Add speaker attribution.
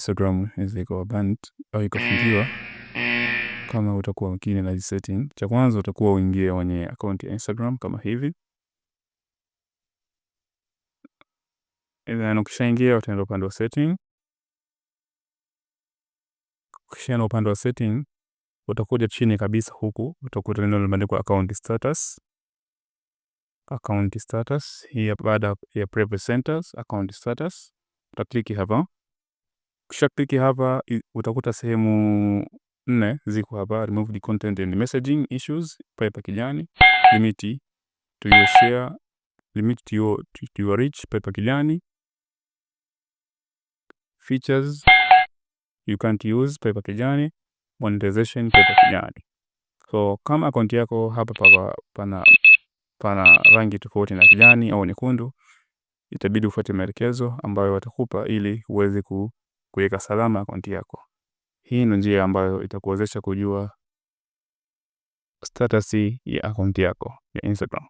Speaker 1: Instagram inaweza ikawa banned au ikafungiwa kama utakuwa mkini na setting. Cha kwanza utakuwa uingie kwenye akaunti ya Instagram kama hivi, then ukishaingia utaenda upande wa setting. Ukishaenda upande wa setting utakuja chini kabisa huku utakuta neno limeandikwa account status. Account status hii baada ya private centers, account status utakliki hapa. Ukisha kliki hapa utakuta sehemu nne ziko hapa, remove the content and messaging issues pale pa kijani, limit to your share, limit to your, to your reach pale pa kijani, features you can't use pale pa kijani, monetization pale pa kijani. So kama akaunti yako hapa pana, pana, pana rangi tofauti na kijani au nyekundu, itabidi ufuate maelekezo ambayo watakupa ili uweze ku kuweka salama akaunti yako. Hii ndio njia ambayo itakuwezesha kujua status ya akaunti yako ya Instagram.